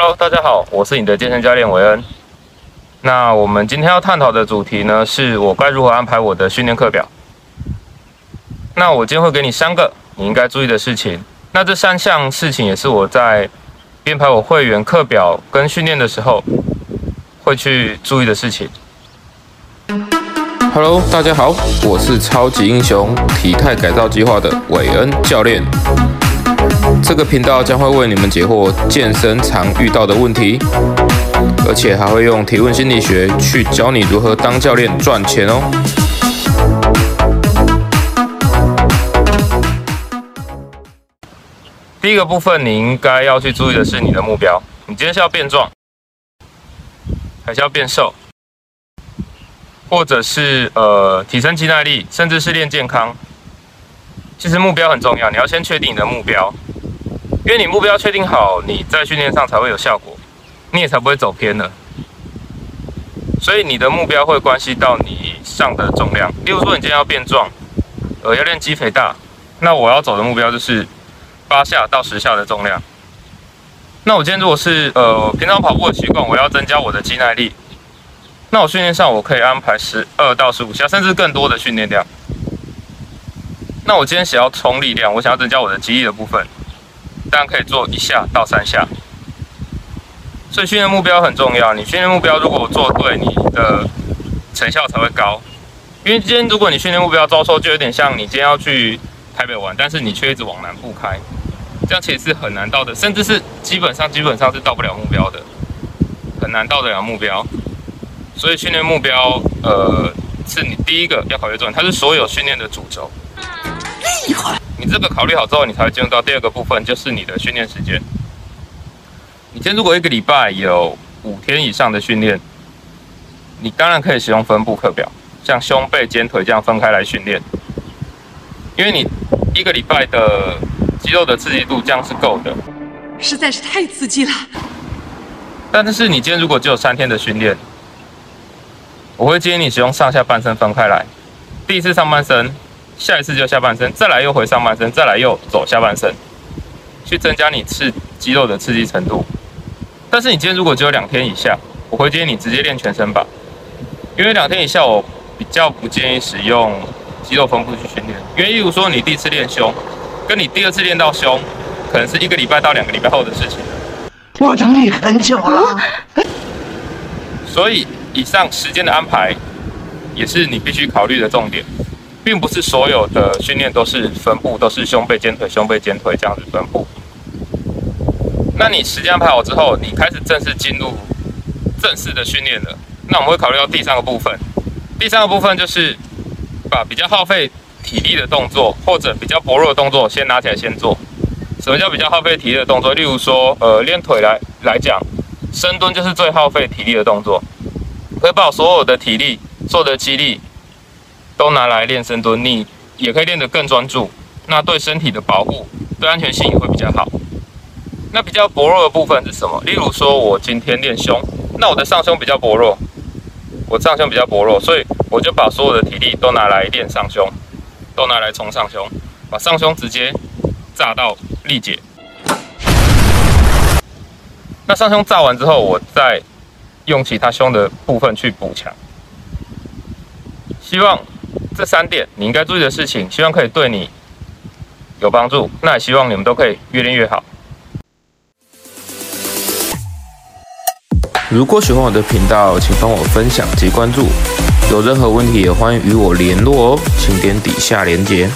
Hello，大家好，我是你的健身教練韋恩。那我們今天要探討的主題呢，是我該如何安排我的訓練課表。那我今天會給你三個你應該注意的事情。那這三項事情也是我在編排我會員課表跟訓練的時候會去注意的事情。Hello，大家好，我是超級英雄體態改造計劃的韋恩教練。這個頻道將會為你們解惑健身常遇到的問題，而且還會用提問心理學去教你如何當教練賺錢哦。第一個部分，你應該要去注意的是你的目標。你今天是要變壯，還是要變瘦，或者是呃提升肌耐力，甚至是練健康？其實目標很重要，你要先確定你的目標。因為你目標確定好，你在訓練上才會有效果，你也才不會走偏了。所以你的目標會關係到你上的重量。例如說，你今天要變壯，呃，要練肌肥大，那我要走的目標就是八下到十下的重量。那我今天如果是呃平常跑步的習慣，我要增加我的肌耐力，那我訓練上我可以安排十二到十五下，甚至更多的訓練量。那我今天想要衝力量，我想要增加我的肌力的部分。但可以做一下到三下，所以訓練目標很重要。你訓練目標如果做對，你的成效才會高。因為今天如果你訓練目標遭受，就有點像你今天要去台北玩，但是你卻一直往南部開，這樣其實是很難到的，甚至是基本上，基本上是到不了目標的，很難到得了目標。所以訓練目標，呃，是你第一個要考慮重點，它是所有訓練的主軸。你這個考慮好之後，你才會進入到第二個部分，就是你的訓練時間。你今天如果一個禮拜有五天以上的訓練，你當然可以使用分部課表，像胸背肩腿這樣分開來訓練，因為你一個禮拜的肌肉的刺激度這樣是夠的。實在是太刺激了。但是你今天如果只有三天的訓練，我會建議你使用上下半身分開來，第一次上半身。下一次就下半身，再來又回上半身，再來又走下半身，去增加你刺肌肉的刺激程度。但是你今天如果只有兩天以下，我會建議你直接練全身吧，因為兩天以下我比較不建議使用肌肉分部去訓練，因為例如說你第一次練胸，跟你第二次練到胸，可能是一個禮拜到兩個禮拜後的事情。我等你很久了。所以以上時間的安排，也是你必須考慮的重點。並不是所有的訓練都是分佈，都是胸背、肩腿、胸背、肩腿這樣子分佈。那你時間安排好之後，你開始正式進入正式的訓練了。那我們會考慮到第三個部分，第三個部分就是把比較耗費體力的動作或者比較薄弱的動作先拿起來先做。什麼叫比較耗費體力的動作？例如說，呃，練腿來來講，深蹲就是最耗費體力的動作，可以把所有的體力做的肌力。都拿來練深蹲，你也可以練得更專注。那對身體的保護，對安全性也會比較好。那比較薄弱的部分是什麼？例如說，我今天練胸，那我的上胸比較薄弱，我上胸比較薄弱，所以我就把所有的體力都拿來練上胸，都拿來衝上胸，把上胸直接炸到力竭。那上胸炸完之後，我再用其他胸的部分去補強，希望。這三點你應該注意的事情，希望可以對你有幫助。那也希望你們都可以越練越好。如果喜歡我的頻道，請幫我分享及關注。有任何問題也歡迎與我聯絡哦，請點底下連結。